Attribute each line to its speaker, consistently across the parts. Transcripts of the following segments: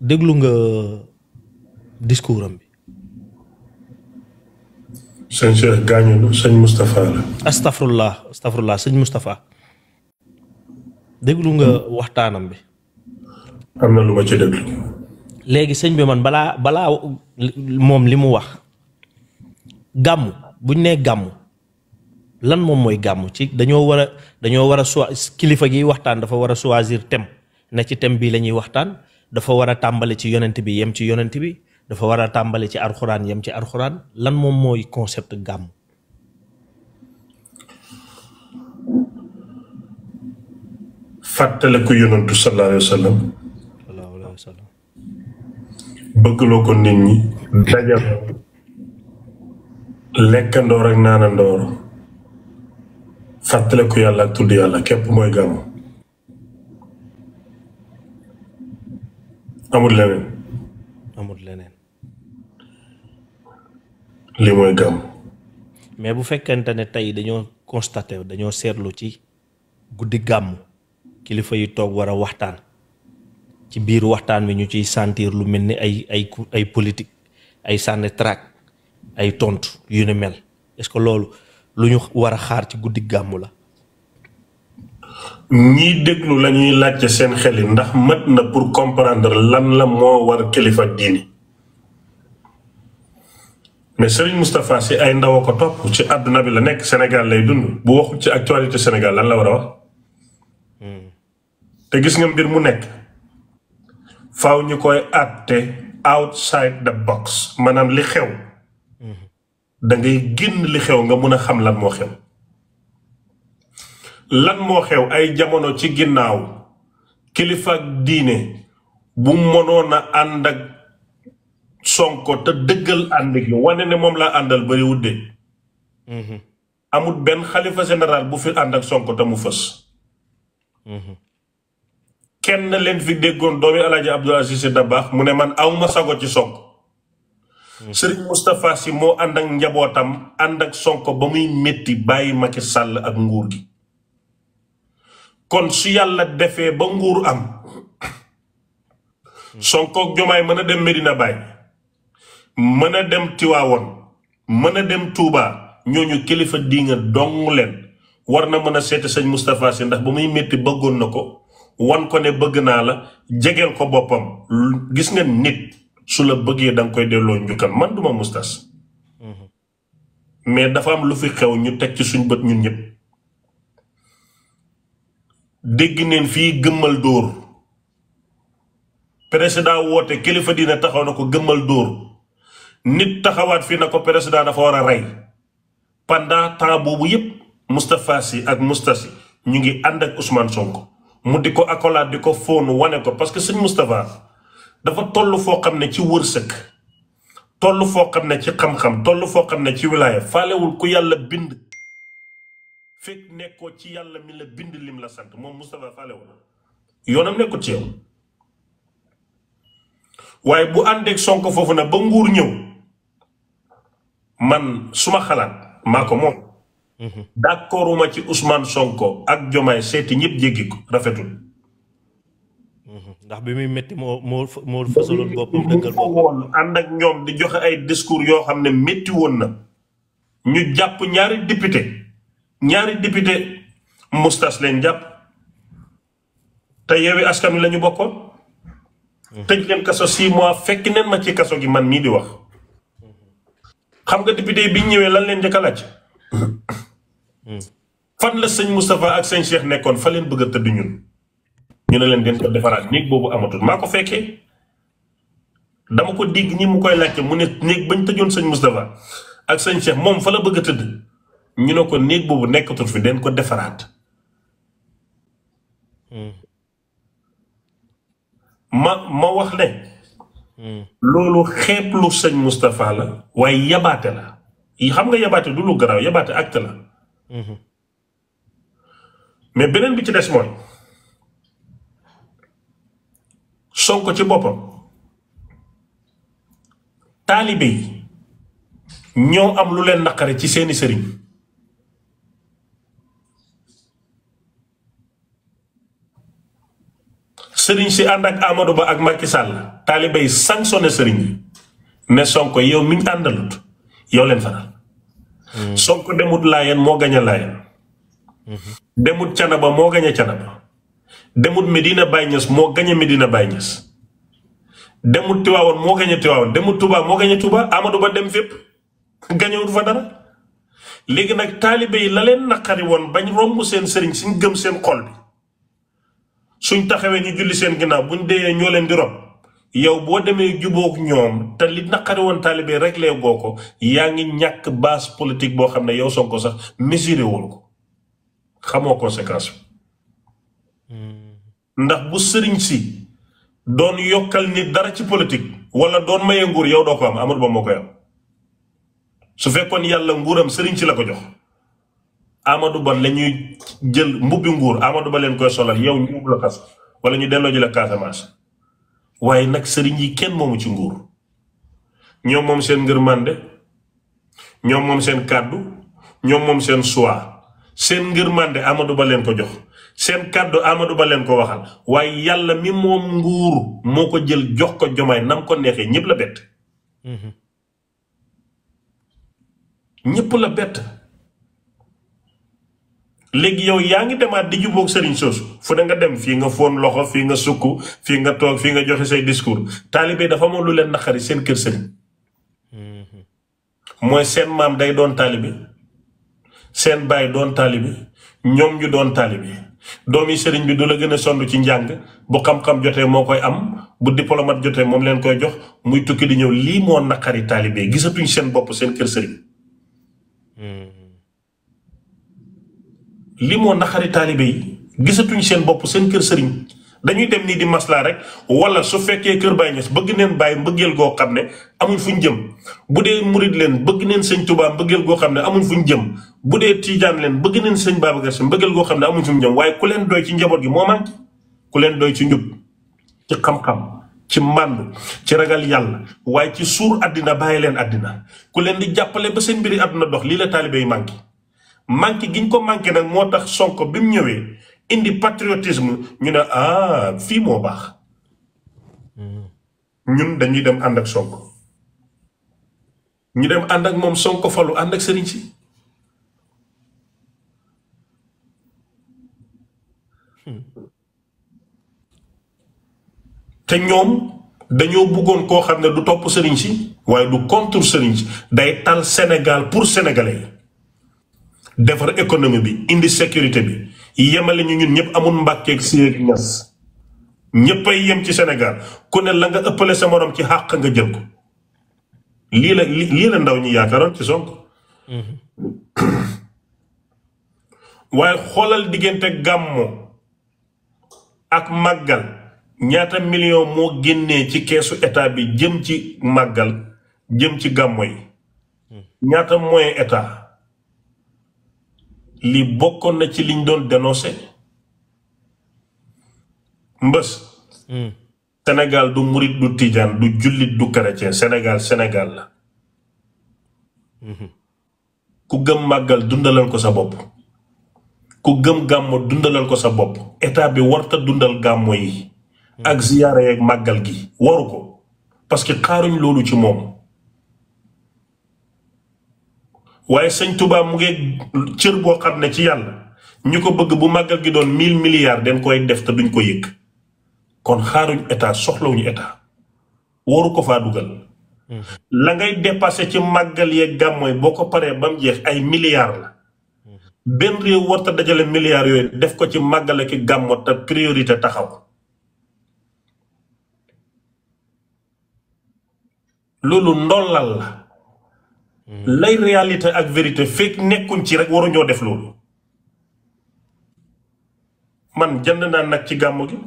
Speaker 1: déglu nga discours bi. sëñ Cheikh gaañu na sëñ Moustapha la. astafurlah astafurlah sëñ déglu nga waxtaanam bi. am na lu ma ci déglu. léegi sëñ bi man balaa balaa moom li mu wax gàmm buñ nee gàmm lan moom mooy gàmm ci dañoo war a dañoo war a soi kilifa gi waxtaan dafa war a choisir thème ne ci thème bii la ñuy waxtaan dafa war a tàmbali ci yonent bi yem ci yonent bi dafa war a tàmbali ci arxuraan yem ci arxuraan lan moom mooy concept gàmm.
Speaker 2: fàttaliku yonentu sallallahu alayhi wa sallam. bëggloo ko nit ñi dajal lekkandoor ak naanandoor fàttaliku yàlla ak tudd yàlla képp mooy gàmm. amul leneen. amul leneen. lii mooy gàmm.
Speaker 1: mais bu fekkente ne tey dañoo constaté dañoo seetlu ci guddi gàmm kilifa yi toog war a waxtaan ci biir waxtaan wi ñu ciy sentir lu mel ni ay ay ay ay sànni track ay tontu yu ni mel est loolu lu ñu war xaar ci guddi gàmm la.
Speaker 2: ñii déglu la ñuy laajte seen xel yi ndax mat na pour comprendre lan la moo war kilifa diini mais Serigne Moustapha si ay ndaw a ko topp ci àdduna bi la nekk Sénégal lay dund bu waxul ci actualité Sénégal lan la war a wax hmm. te gis nga mbir mu nekk faw ñu koy àtte outside the box maanaam li xew hmm. da ngay génn li xew nga mën a xam la moo xew. lan moo xew ay jamono ci ginnaaw kilifa diine bu mënoon a ànd ak sonko te dëggal ànd gi wane ne moom laa àndal bari wudde mhm. amut benn xalifa général bu fi ànd ak sonko te mu fës mhm. kenn leen fi déggoon doomi alaaji Abdou Aziz Sy Dabakh mu ne man awma sago ci sonko mhm. sëriñ Moustapha Sy moo ànd ak njabootam ànd ak sonko ba muy métti bàyyi ma Macky sàll ak nguur gi kon su yàlla defee ba nguur am sonkook jomaay mën a dem Medina Baye mën a dem Tiwaawoon mën a dem Touba ñooñu kilifa diinga dong leen war na mën a seeti sëñ Moustapha Sy ndax ba muy métti bëggoon na ko wan ko ne bëgg naa la jegeel ko boppam gis nga nit su la bëggee danga koy delloo njukkal man duma mustas mhm. mais dafa am lu fi xew ñu teg ci suñ bët ñun ñëpp dégg neen fii gëmmal dóor président woote kilifa dina taxaw na ko gëmmal dóor nit taxawaat fii na ko président dafa war a rey pendant temps boobu yépp Moustapha Sy ak Moustapha Sy ñu ngi ànd ak Ousmane Sonko mu di ko accolade di ko fóon wane ko parce que sëñ dafa toll foo xam ne ci wërsëg toll foo xam ne ci xam-xam toll foo xam ne ci wilaaya faalewul ku yàlla bind fekk nekkoo ci yàlla mi la bind lim la sant moom Moustapha Fallewul yoonam nekkut ci yow waaye bu àndeek Sonko foofu nag ba nguur ñëw man suma xalaat maa ko moom. Mhm. d'accorduma ci Ousmane Sonko ak Jomaay seeti ñëpp jéggi ko rafetul.
Speaker 1: Mhm. ndax bi muy métti moo moo moo fasaloon
Speaker 2: boppam dëggal boppam ànd ak ñoom di joxe ay discours yoo xam ne métti woon na ñu jàpp ñaari dépité ñaari député mustas leen jàpp te yeewi askan wi la ñu bokkoon. tëj leen kaso six mois fekk neen ma ci kaso gi man mii di wax. xam nga député bi ñëwee lan leen njëkk a fan la sëñ Moustapha ak sëñ Cheikh nekkoon fa leen bëgg a tëdd ñun. ñu ne leen den ko néeg boobu amatul maa ko fekkee dama ko dégg ñi mu koy laajte mu ne néeg bañ tëjoon sëñ Moustapha ak sëñ moom fa la bëgg a tëdd. ñu ne ko néeg boobu nekkatul fi den ko defaraat ma ma wax ne loolu xeeblu sëñ Moustapha la waaye yabaate la xam nga yabaate du lu garaaw yabaate acte la mais beneen bi ci des mooy ko ci boppam taalibe yi ñoo am lu leen naqare ci seeni sëriñ sëriñ si ànd ak Amadou Ba ak Macky Sall taaliba yi sanctionné sëriñ yi ne sonk yow mi ñu àndalut yow leen faral. Hmm. Sonko demut Laayeen moo gañ a Laayeen. Hmm. demut Canaba moo gañe a Canaba. demut Medina Baye Niass moo gañ a Medina Baye Niass. demut Tiwaawoon moo gañ a Tiwaawoon demut moo gañ a Touba Ba dem fépp gañewut fa dara. léegi nag taaliba yi la leen naqari woon bañ romb seen sëriñ siñ gëm seen xol bi. suñ taxawee ñu julli seen bu ñu dee ñoo leen di rob yow boo demee jubóog ñoom te li naqari woon taalibe réglé boo ko yaa ngi ñàkk base politique boo xam ne yow Sonko sax mesuré wul ko xamoo conséquence bi hmm. ndax bu sëriñ si doon yokkal nit dara ci politique wala doon maye nguur yow doo ko am amul ba moo koy am su fekkoon yàlla nguuram sëriñ si la ko jox Amadou Ba la ñuy jël mbubbi nguur Amadou leen koy solal yow ñu yóbbu la kaso wala ñu delloo ji la Casamance waaye nag sëriñ yi kenn moomu ci nguur ñoom moom seen ngërmande ñoom moom seen kàddu ñoom moom seen choix seen ngërmande Amadou Ba leen ko jox seen kàddu Amadou Ba leen ko waxal waaye yàlla mi moom nguur moo ko jël jox ko jomaay nam ko neexee ñëpp la bett ñépp la bett mhm. léegi yow yaa ngi demaat di jubóog sëriñ soosu fu ne nga dem fii nga foon loxo fii nga sukk fii nga toog fii nga joxe say discours taalibe dafa amoon lu leen naqari seen kër sëriñ mhm. mooy seen maam day doon taalibe seen baay doon taalibe ñoom ñu doon taalibe doomi sëriñ bi du la gën a sonn ci njàng bu xam-xam jotee moo koy am bu diplomate jotee moom leen koy jox muy tukki di ñëw lii moo naqari taalibe gisatuñ seen bopp seen kër sëriñ li moo naxari taalibe yi gisatuñu seen bopp seen kër sëriñ dañuy dem nii di maslaa rek wala su fekkee kër Baay Ñas bëgg neen bàyyi mbëggeel goo xam ne amuñ fuñ jëm bu dee murid leen bëgg neen sëñ Tuubaa mbëggeel goo xam ne amuñ fuñ jëm bu dee tiijaan leen bëgg neen sëñ Babacar Si mbëggeel goo xam ne amuñ fuñ jëm waaye ku leen doy ci njaboot gi moo manqué ku leen doy ci ñub ci xam-xam ci màndu ci ragal yàlla waaye ci suur àddina bàyyi leen àddina ku leen di jàppale ba seen mbiri àdduna dox lii la taalibe yi manqué manqué gi ñu ko manqué nag moo tax Sonko bi mu ñëwee indi patriotisme ñu ne ah fii moo baax ñun dañuy dem ànd ak Sonko ñu dem ànd ak moom Sonko falu ànd ak sëriñ si te ñoom dañoo bëggoon koo xam ne du topp sëriñ si waaye du contre sëriñ si day tal Sénégal pour sénégalais defar économie bi indi sécurité bi yemale ñu ñun ñëpp amul mbàkkeeg séeg ñas ñëppay yem ci Sénégal ku ne la nga ëppale sa morom ci xàq nga jël ko lii la lii la ndaw ñi yaakaaroon ci sonk mm-hmm. waaye xoolal diggante gàmmo ak màggal ñaata million moo génnee ci keesu état bi jëm ci màggal jëm ci gàmmo yi mm-hmm. ñaata moyen état li bokkoon na ci liñ doon dénoncé mbës hmm. Sénégal du murit du tijaan du jullit du chrétien Sénégal Sénégal la hmm. ku gëm màggal dundalal ko sa bopp ku gëm gàmmo dundalal ko sa bopp état bi warta dundal gàmmo yi ak hmm. ziyaara yeeg màggal gi waru ko parce xaaruñ loolu ci moom waaye sëñ tubaab mu ngi cër boo xam ne ci yàlla ñu ko bëgg bu màggal gi doon mille milliards dañ koy def te duñ ko yëg kon xaaruñ état soxlawuñu état waru ko faa dugal. la ngay dépassé ci màggal yeeg gàmmooy boo ko paree ba mu jeex ay milliards la. benn réew warta dajale milliards yooyu def ko ci màggale ki gàmmo te priorité taxaw. loolu ndollal la. Mm-hmm. lay réalité ak vérité fekk nekkuñ ci rek waruñoo def loolu man jënd naa nag ci gàmmu gi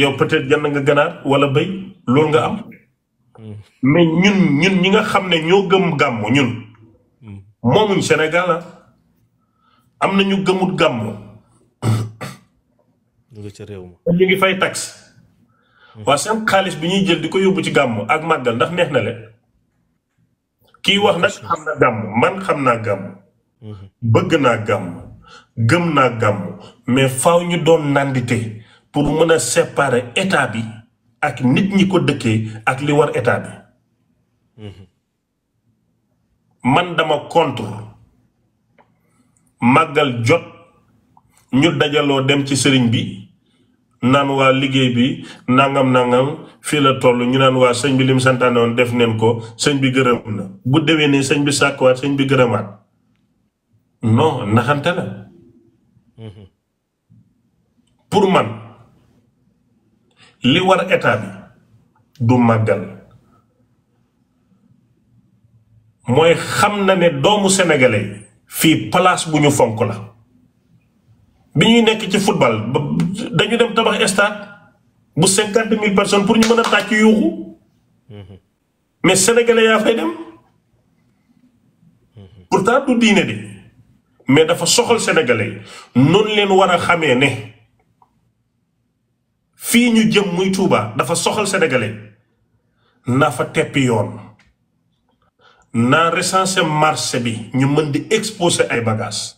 Speaker 2: yow peut-être jënd nga ganaar wala béy loolu nga am mm-hmm. mais ñun ñun ñi nga xam ne ñoo gëm gàmmu ñun mm-hmm. moomuñ Sénégal ah. am na ñu gëmut gàmmu
Speaker 1: ñu
Speaker 2: ngi fay tax waa seen xaalis bi ñuy jël di ko yóbbu ci gàmmu ak màggal ndax neex na leen kii wax nag xam na gàmm man xam naa gàmm bëgg naa gàmm gëm naa gàmm mais faw ñu doon nandite pour mën a séparer état bi ak nit ñi ko dëkkee ak li war état bi man dama contre màggal jot ñu dajaloo dem ci sëriñ bi naan waa liggéey bi nangam nangam fii la toll ñu naan waa sëñ bi lim santaane woon def neen ko sëñ bi gërëm bu déwee ne sëñ bi sàkkuwaat sëñ bi gërëmaat non naxante la pour man li war état bi du màggal mooy xam na ne doomu sénégalais fii palaas bu ñu fonk la bi ñuy nekk ci football dañu dem tabax stade bu cinquante mille personnes pour ñu mën a tàcc yuuxu mais sénégalais yaa fay dem pourtant du diine de mais dafa soxal sénégalais noonu leen war a xamee ne fii ñu jëm muy Touba dafa soxal sénégalais naa fa teppi yoon naa recensé marché bi ñu mën di exposer ay bagages.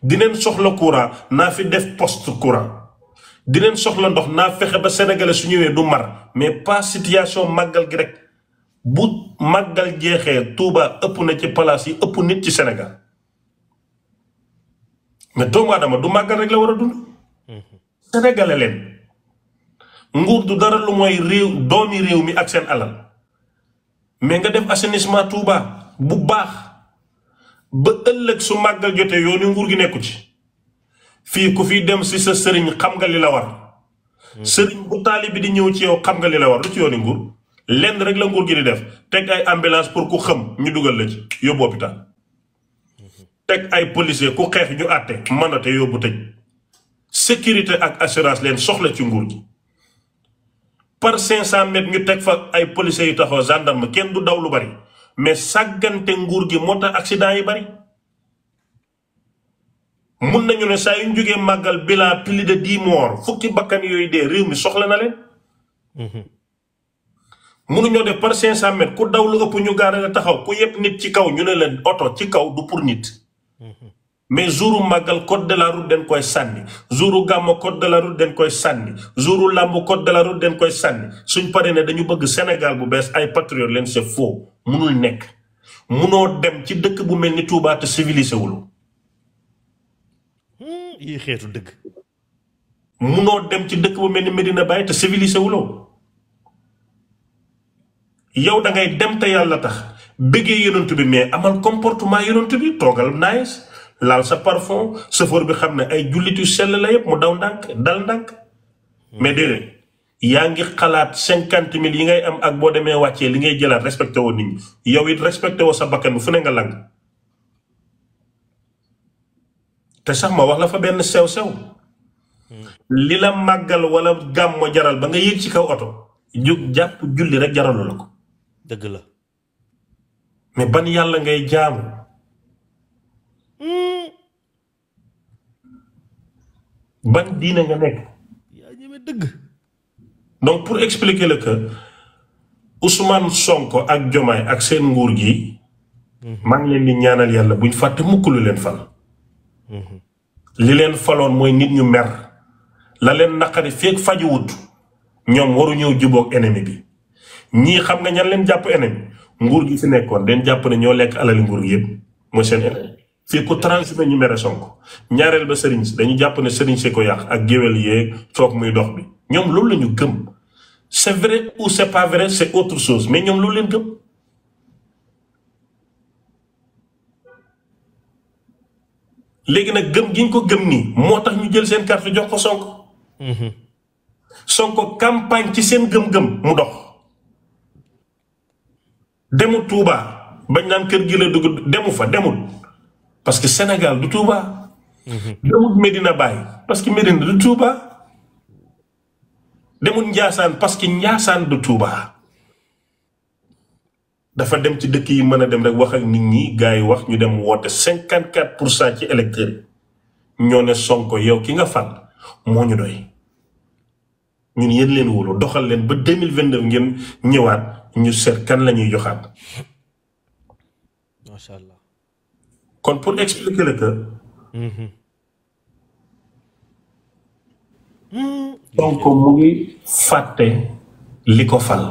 Speaker 2: dineen soxla courant naa fi def post courant dineen soxla ndox naa fexe ba sénégalais su ñëwee du mar mais pas situation màggal gi rek bu maggal jeexee Touba ëpp na ci palaas yi ëpp nit ci Sénégal mais doomu aadama du màggal rek la war a dund sénégalais leen nguur du dara lu mooy réew doomi réew mi ak seen alal mais nga def assainissement Touba bu baax ba ëllëg su màggal jotee yoonu nguur gi nekku ci fii ku fi dem si sa sëriñ xam nga la war sëriñ bu taali bi di ñëw ci yow xam nga li la war lu ci yooni nguur lenn rek la nguur gi di def teg ay ambulance pour ku xam ñu dugal la ci yóbbu hôpital teg ay policier ku xeex ñu àtte mënate yóbbu tëj sécurité ak assurance leen soxla ci nguur gi par 500 mètres ñu teg fa ay policiers yu taxaw gendarme kenn du daw lu bari mais sàggante nguur gi moo tax accident yi bari mun nañu ne saa yu ñu màggal bilan plus de dix morts fukki bakkan yooyu dee réew mi soxla na leen. mënuñoo mhm. def par cinq cent ku daw lu ëpp ñu gaara la taxaw ku yëpp nit ci kaw ñu ne leen oto ci kaw du pour nit. Mhm. mais jour màggal code de la route dañ koy sànni jouru gàmmo code de la route koy sànni jouru làmb code de la route koy sànni suñ paree ne dañu bëgg Sénégal bu bees ay patriote leen c'est faux munul nekk munoo dem ci dëkk bu mel ni Touba te civilisé wulu hmm, yi xeetu dëkk. munoo dem ci dëkk bu mel ni Medina Baye te civilisé wuloo yow da ngay dem te yàlla tax bëggee yonent bi mais amal comportement yonent bi toogal nice laal sa parfum chauffeur bi xam ne ay jullitu sell la yëpp mu daw ndànk dal ndànk mais déedéet yaa ngi xalaat cinquante mille yi ngay am ak boo demee wàccee li ngay jëlaat respecté woo nit ñi yow it respecté woo sa bakkan bu fu ne nga lang te sax ma wax la fa benn sew-sew li la màggal wala gàmmo jaral ba nga yéeg ci kaw oto jóg jàpp julli rek jaralu la ko dëgg la mais ban yàlla ngay jaamu hmm. ban diine nga nekk. yaa ñeme dëgg. donc pour expliquer la que Ousmane sonk ak Jomaay ak seen nguur gi. Mhm. man leen di ñaanal yàlla buñ fàtte mukk lu leen fal. Mhm. li leen faloon mooy nit ñu mer la leen naqari feeg fajuwut ñoom waru ñëw jubóog ennemi bi ñii xam nga ñan leen jàpp ennemi nguur gi fi nekkoon den jàpp ne ñoo lekk alali nguur gi yëpp mooy seen ennemi fii ko transhumé ñu mere Sonko ñaareel ba sëriñ dañu jàpp ne sëriñ si ko yàq ak géwél yeeg coog muy dox bi ñoom loolu lañu ñu gëm c'est vrai ou c'est pas vrai c'est autre chose mais ñoom loolu leen gëm léegi nag gëm gi ñu ko gëm nii moo tax ñu jël seen carte jox ko Sonko mhm. Sonko campagne ci seen gëm-gëm mu dox demu Touba bañ naan kër gi la dugg demu fa demul parce que Sénégal du Touba.
Speaker 1: demut
Speaker 2: Medina Baye parce que Medina du Touba. demut Ndiassane parce que Ndiassane du Touba. dafa dem ci dëkk yi mën a dem rek wax ak nit ñi gars yi wax ñu dem woote cinquante quatre pour cent ci électeurs ñoo ne Sonko yow ki nga fal moo ñu doy. ñun yéen leen wóolu doxal leen ba deux mille vingt neuf ngeen ñëwaat ñu seet kan la ñuy joxaat. macha allah. kon pour expliquer le que. donc mu ngi fàtte li ko fal.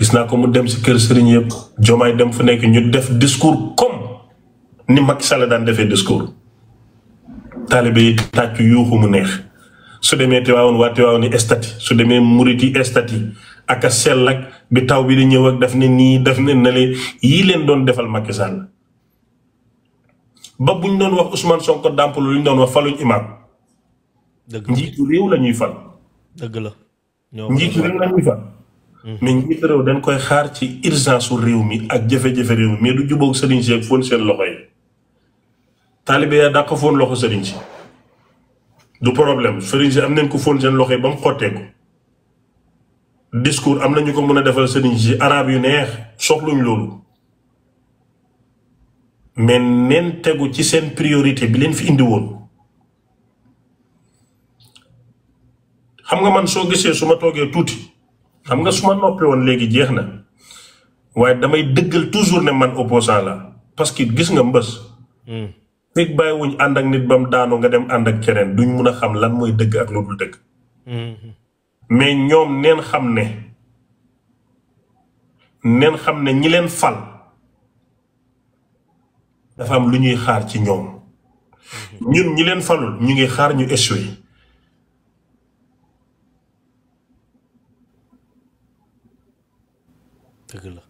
Speaker 2: gis naa ko mu dem si kër sëriñ yëpp jomaay dem fu nekk ñu def discours comme ni Macky Sall daan defee discours. taalibe yi tàcc yuuxu mu neex su demee Tiwaawoon waa Tiwaawoon yi estati su demee murit yi estati ak a sell ak bi taw bi di ñëw ak daf ne nii daf ne na yii leen doon defal Macky Sall ba bu ñu doon wax Ousmane Sonko dàmpalu lu ñu doon wax faluñ imaam. dëgg la njiitu réew la fal. dëgg la njiitu hmm. mais njiitu réew dañ koy xaar ci urgence su réew mi ak jafe-jafe réew mi mais du jubóog sëriñ si ak foon seen loxo yi. taalibe yaa dàq foon loxo sëriñ si. du problème sëriñ si am nañ ko foon seen loxo yi ba mu xotteeku. discours am nañu ko mën a defal sëriñ si arab yu neex soxluñ loolu. mais neen tegu ci seen priorité bi leen fi indi woon xam nga man soo gisee su ma toogee tuuti xam nga su ma noppee woon léegi jeex na waaye damay dëggal toujours ne man opposant la parce que gis nga mbës hmm. fekk bàyyiwuñ ànd ak nit ba mu daanu nga dem ànd ak keneen duñ mun a xam lan mooy dëgg ak lu dëgg hmm. mais ñoom neen xam ne neen xam ne ñi leen fal dafa am lu ñuy xaar ci ñoom ñun ñi leen falul ñu ngi xaar ñu échoué dëgg la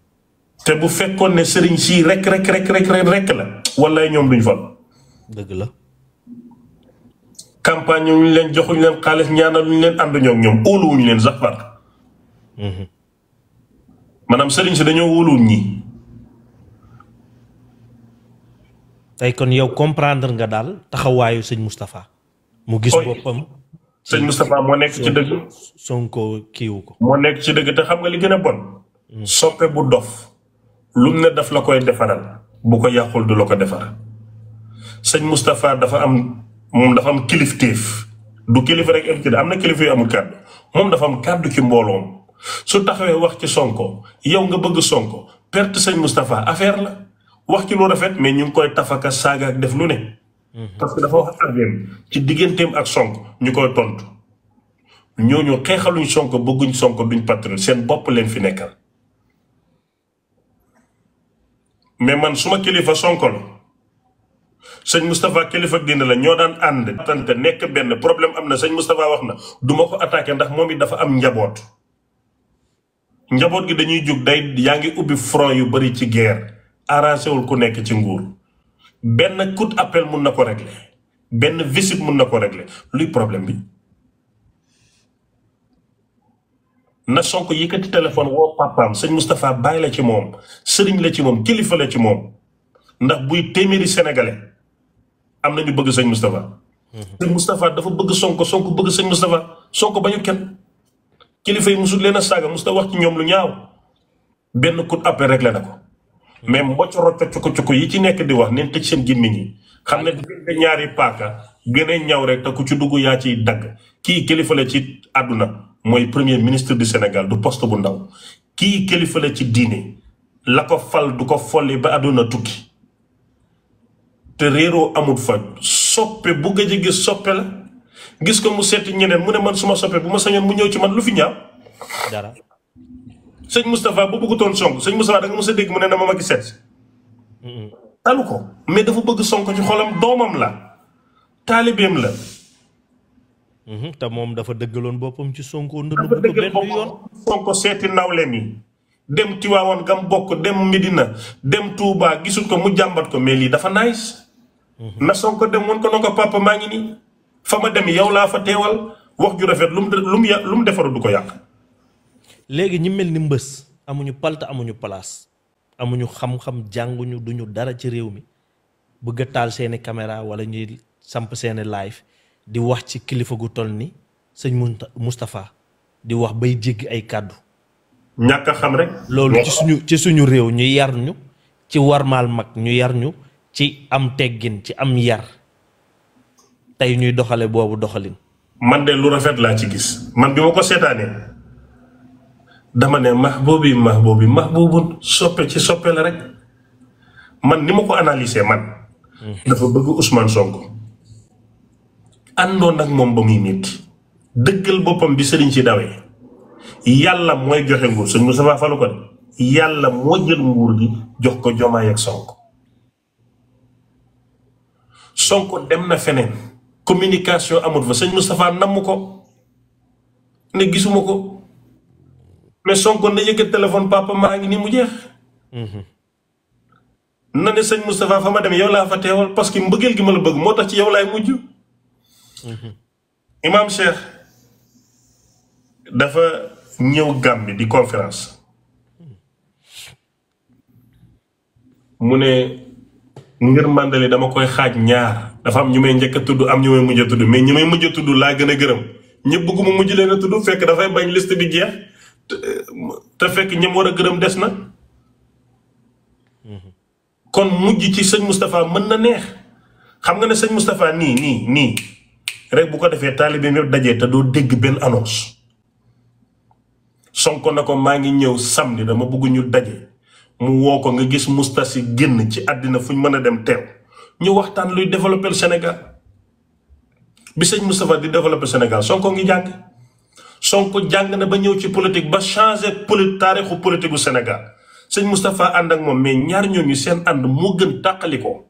Speaker 2: te bu fekkoon ne sëriñ sii rek rek rek rek rek la wala ñoom duñ fal. dëgg la. campagne ñu leen joxuñ leen xaalis ñaanaluñ leen ànd ñoom ñoom óoluwuñ leen sax par. Mhm. maanaam sëriñ si dañoo wóoluwuñ ñi
Speaker 1: tey kon yow comprendre nga daal taxawaayu sëñ Moustapha. mu
Speaker 2: gis boppam. sëñ Moustapha moo nekk ci dëgg.
Speaker 1: Sonko kiiwu
Speaker 2: ko. moo nekk ci dëgg te xam nga li gën a bon. Hmm. soppe bu dof. lum ne daf la koy defaral. bu ko yàqul du la ko defar. sëñ Moustapha dafa am moom dafa am kilifteef du kilifa rek am na kilifa yu amul moom dafa am kàddu ci mbooloom su taxawee wax ci Sonko yow nga bëgg Sonko perte sëñ Moustapha affaire la. wax ci lu rafet mais ñu ngi koy tafaka saaga ak def lu ne. Mhm. parce que dafa wax ardeem ci digganteem ak sonk ñu koy tontu ñooñu xeexaluñ Sonko bëgguñ Sonko duñ patriote seen bopp leen fi nekkal. mais man suma kilifa Sonko la sëñ Moustapha kilifa génn la ñoo daan ànd. tante nekk benn problème am na sëñ Moustapha wax na duma ko attaqué ndax moom it dafa am njaboot njaboot gi dañuy jóg day yaa ngi ubbi front yu bari ci guerre. arrangé wul ku nekk ci nguur benn coup d'appel mun na ko régler benn visite mun na ko régler luy problème bi na Sonko yëkkati téléphone woo papaam sëñ Moustapha bàyyi la ci moom sëriñ la ci moom kilifa la ci moom ndax buy téeméeri sénégalais am na ñu bëgg sëñ Moustapha. Mhm. sëñ Moustapha dafa bëgg Sonko Sonko bëgg sëñ Moustapha Sonko bañu kenn kilifa yu musul leen a saaga Moustapha wax ci ñoom lu ñaaw benn coup d'appel réglé na ko. mais mboccoro cocco cocco yi ci nekk di wax neen tëj seen gémmiñ yi xam ne ñaari paaka gën a ñaw rek te ku ci dugg yaa ciy dagg kii kilifa la ci àdduna mooy premier ministre du Sénégal du poste bu ndaw kii kilifa la ci diine la ko fal du ko folli ba àdduna tukki te réeroo amut fa soppe bu gëj a gis soppe gis ko mu seeti ñeneen mu ne man suma soppe bu ma sañoon mu ñëw ci man lu fi ñaaw sëñ Moustapha bu bëggutoon sonk sëñ Moustapha da nga mos a dégg mu ne dama ma gis seet. talu ko mais dafa bëgg sonk ci xolam doomam la taalibeem la.
Speaker 1: Mm-hmm. te moom dafa dëggaloon boppam ci Sonko ndënd bu benn
Speaker 2: yoon Sonko seeti nawleem yi dem Tiwaawoon gam bokk dem Medina dem Touba gisul ko mu jàmbat ko mais lii dafa nice mm-hmm. na Sonko dem woon ko na ko papa maa ngi nii fa ma dem yow laa fa teewal wax ju rafet lu mu lu mu defaru du ko yàq
Speaker 1: léegi ñi mel ni mbës amuñu palta amuñu place amuñu xam-xam jànguñu duñu dara ci réew mi bëgg a taal seeni caméra wala ñuy samp seeni live di wax ci kilifa gu toll ni sëñ Moustapha di wax bay jéggi ay kàddu
Speaker 2: ñàkk a xam rek. loolu suñu
Speaker 1: ci suñu réew ñu yar ñu ci warmaal mag ñu yar ñu ci am teggin ci am yar tey ñuy doxale boobu doxalin.
Speaker 2: man de lu rafet laa ci gis man bi ma ko seetaanee. dama ne mahboobi mahboobi mahboobun soppe ci soppe la rek man ni ma ko analyser man. dafa bëgg Ousmane Sonko. àndoon ak moom ba muy nit dëggal boppam bi sëriñ ci dawee yàlla mooy joxe nguur sëñ Moustapha falu ko de yàlla moo jël nguur gi jox ko Jomaay ak Sonko. Sonko dem na feneen communication amut fa sëñ Moustapha namm ko ne gisuma ko. mais Sonko na yëkkat téléphone papa maa ngi ni mu jeex. Mhm. na ne sëñ Moustapha fa ma dem yow laa fa teewal parce que mbëggeel gi ma la bëgg moo tax ci yow laay mujj. Mhm. Imaam Cheikh dafa ñëw Gàmbi di conférence. mu ne ngir màndali dama koy xaaj ñaar dafa am ñu may njëkk a tudd am ñu may mujj a tudd mais ñi may mujj a tudd laa gën a gërëm ñëpp bëgguma mujj leen a tudd fekk dafay bañ liste bi jeex. te fekk ñam war a gërëm des na kon mujj ci sëñ Moustapha mën na neex xam nga ne sëñ Moustapha nii nii nii rek bu ko defee taalibe yëpp dajee te doo dégg benn annonce Sonko na ko maa ngi ñëw samedi dama bëgg ñu daje mu woo ko nga gis Moustapha génn ci àddina fu ñu mën a dem teew ñu waxtaan luy développer senegal bi sëñ Moustapha di développer senegal Sonko ngi jàng Sonko jàng na ba ñëw ci politique ba changé poli taarixu politique gu Sénégal sëñ Moustapha ànd ak moom mais ñaar ñooñu seen ànd moo gën tàqali ko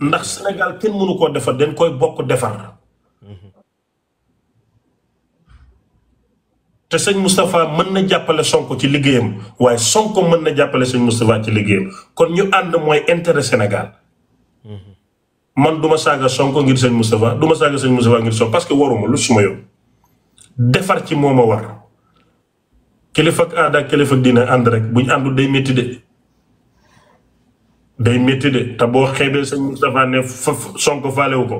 Speaker 2: ndax Sénégal kenn mënu koo defar dañ koy bokk defar. te sëñ Moustapha mën na jàppale sonk ci liggéeyam waaye Sonko mën na jàppale sëñ Moustapha ci liggéeyam kon ñu ànd mooy intérêt Sénégal. Mhm. man du ma saaga Sonko ngir sëñ Moustapha du ma saaga sëñ Moustapha ngir Sonko parce waruma lu suma yoon. defar ci moom a war kilifa ak aada ak kilifa ak diina ànd rek buñ àndul day métti de day métti de te boo xeebee sëñ Moustapha ne fa Sonko faalewu ko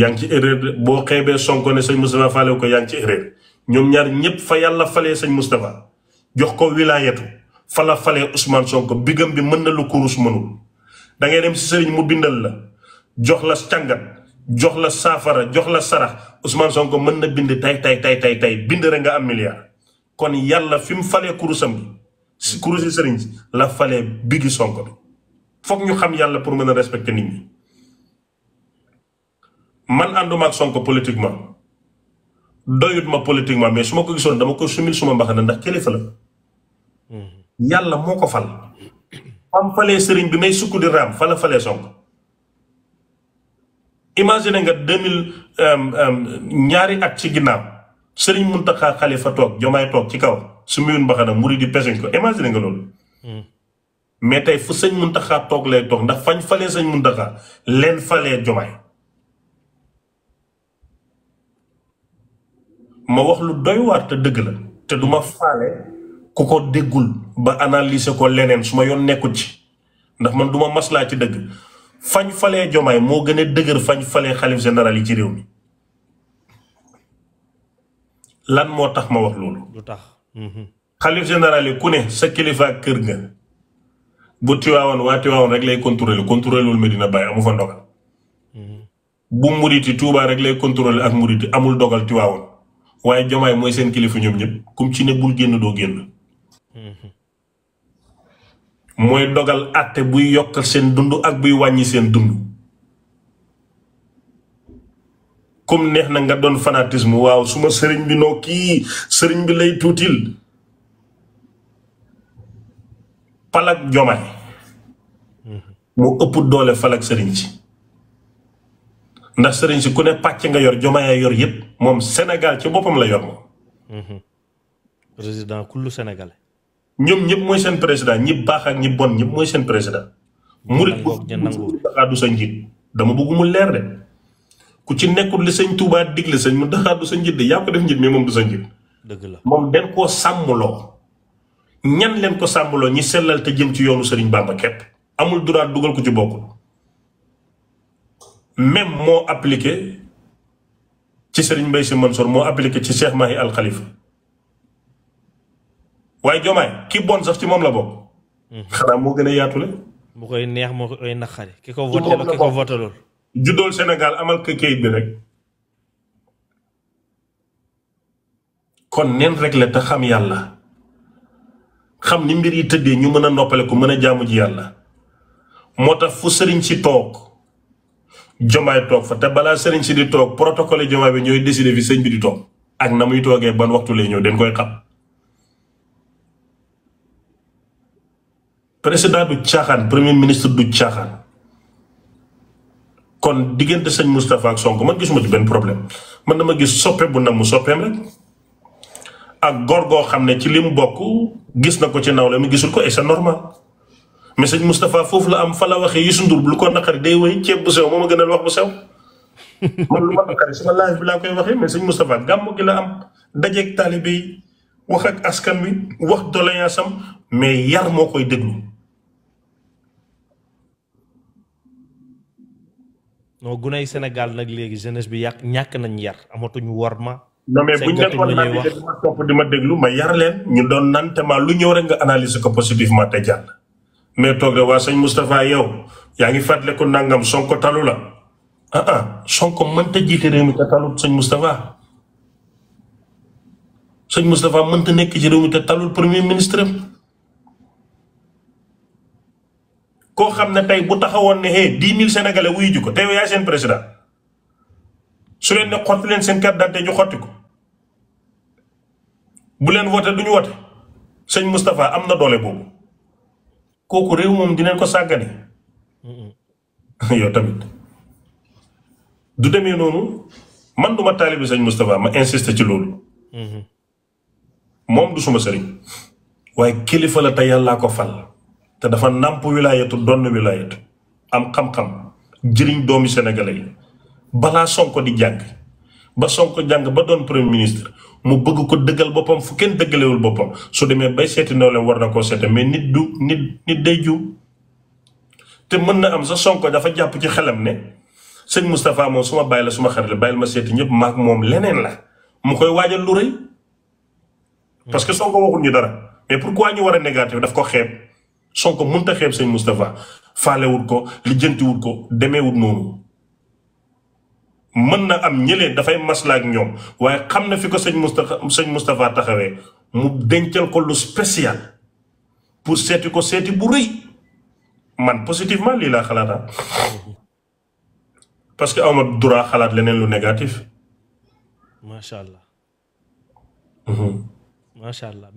Speaker 2: yaa ngi ci erreur boo xeebee Sonko ne sëñ ko yaa ngi ci ñoom ñaar ñëpp fa yàlla falee sañ Moustapha jox ko wilaayatu fa la falee Ousmane Sonko bigam bi mën na lu kurus mënul da dem si sëriñ mu bindal la jox la càngat. jox la saafara jox la sarax Ousmane Sonko mën na bind tay tay tay tay tay bind rek nga am milliard kon yàlla fi mu falee kurusam bi si kurusi sëriñ si la falee bigi Sonko bi foog ñu xam yàlla pour mën a respecter nit ñi man ànduma ak Sonko politiquement doyut ma politiquement mais su ma ko gisoon dama ko sumil suma mbaxana ndax kilifa la hmm. yàlla moo ko fal fam falee sëriñ bi may sukk di raam fa la falee Sonko imagine nga deux mille euh, euh, ñaari at ci ginnaaw sëriñ Muntaxa Xalifa toog jomaay toog ci kaw su muyun mbaxana muri di peseñ ko imagine nga loolu hmm. mais tey fu sëñ Muntaxa toog lay toog ndax fañ falee sëñ Muntaxa leen falee jomaay ma wax lu doy waar te dëgg la te duma faale ku ko déggul ba analyser ko leneen su ma yoon nekkul ci ndax man duma maslaa ci dëgg fañ falee jomaay moo gën a dëgër fañ falee xalif général ci réew mi lan moo tax ma wax loolu. lu tax. Mhm. xalif général yi ku ne sa kilifa kër nga bu tiwaawoon waa tiwaawoon rek lay contrôler contrôler wul Medina Baye amu fa ndogal. Mhm. bu muriti rek lay contrôler ak muriti amul dogal tiwaawoon waaye jomaay mooy seen kilifa ñoom ñëpp comme ci ne bul génn doo génn. Mhm. mooy dogal àtte buy yokkal seen dund ak buy wàññi seen dund comme neex na nga doon fanatisme waaw suma sëriñ bi noo kii sëriñ bi lay tuutil falak jomaay mu ëpp doole falak sëriñ si ndax sëriñ si ku ne pàcc nga yor jomaay yor yépp moom Sénégal ci boppam la yor moom
Speaker 1: mhm. président kullu sénégalais
Speaker 2: ñoom ñëpp mooy seen président ñi baax ak ñi bon ñëpp mooy seen président. murit ko du sa njiit dama bëgg mu leer de ku ci nekkul li sëñ Touba digle sëñ mu daxaa du sa njiit de yaa ko def njiit mais moom du sa njiit. dëgg la moom den koo sàmmloo. ñan leen ko sàmmloo ñi sellal te jëm ci yoonu Serigne Bamba képp amul droit dugal ko ci bokkul même moo appliqué ci mbay Mbaye Sy Mansour moo appliqué ci Cheikh Mahi Al waaye jomaay ki bon sax ci moom la bokk. Mhm. xanaa moo gën a yaatule.
Speaker 1: bu koy neex moo koy naqari. ki ko voté la ki ko voté lool.
Speaker 2: juddool Sénégal amal ko kayit bi rek. kon neen rek la te xam yàlla. xam ni mbir yi tëddee ñu mën a noppale ku mën a jaamu ji yàlla. moo tax fu sëriñ si toog. jomaay toog fa te balaa sëriñ si di toog protocole jomaay bi ñooy décider fi sëñ bi di toog. ak na muy toogee ban waxtu lay ñëw dañ koy xam. président du caaxaan premier ministre du caaxaan kon diggante sëñ Moustapha ak Sonko man gisuma ci benn problème man ma gis soppe bu nam mu soppeem rek ak góor goo xam ne ci li mu bokk gis na ko ci nawle mu gisul ko et sa normal mais sëñ Moustapha foofu la am fa la waxee Youssou Ndour lu ko naqari day wéy ceeb bu sew moo ma gënal wax bu sew man lu ma naqari sama laaj bi laa koy waxee mais sëñ Moustapha gàmm gi la am dajeeg taalibe yi wax ak askan wi wax doléance am mais yar moo koy déglu.
Speaker 1: non gunóor yi Sénégal nag léegi jeunesse bi yàq ñàkk nañ yar amatuñu war ma. non mais bu ñu nekkoon di topp di ma déglu ma yar
Speaker 2: ñu doon naan ma lu ñëw rek nga analyser ko positivement te jàll. mais toog rek waa sëñ Moustapha yow yaa ngi fàttaliku nangam Sonko talu la ah ah Sonko mënta jiite réew mi te talut sëñ Moustapha. sëñ Moustapha mënta nekk ci réew mi te talul premier ministre koo xam ne tey bu taxawoon ne hey dix mille sénégalais wuyu ji ko tey yaay seen président su leen ne xotti leen seen carte d'identité ñu xotti ko bu leen wote du ñu wote sëñ Moustapha am na doole boobu kooku réew moom dinañ ko sàggane yow tamit du demee noonu man duma taalibi sëñ Moustapha ma insiste ci loolu mhm. moom du suma sëriñ waaye kilifa la te yàllaa ko fal te dafa nàmp wilaayatu doon wilaayatu am xam jëriñ doomi sénégalais yi balaa Sonko di jàng ba Sonko jàng ba doon premier ministre mu bëgg ko dëggal boppam fu kenn dëggalewul boppam su demee bay seeti nawleem war na koo seete mais nit du nit nit day juum te mën na am sa Sonko dafa jàpp ci xelam ne sëñ Moustapha moom suma bàyyi la suma xarit la bàyyil ma seeti ñëpp maak moom leneen la mu koy waajal lu rëy parce que Sonko waxul ñu dara mais pourquoi ñu war a négatif daf ko xeeb Sonko mënta xeeb sëñ Moustapha faalewut ko lijjantiwut ko demeewut noonu mën na am ñëlee dafay maslaak ñoom waaye xam na fi ko sëñ Moustapha sëñ Moustapha taxawee mu dencal ko lu spécial pour seeti ko seeti bu rëy man positivement lii laa xalaata parce que awma droit xalaat leneen lu négatif macha allah mhm.
Speaker 1: macha allah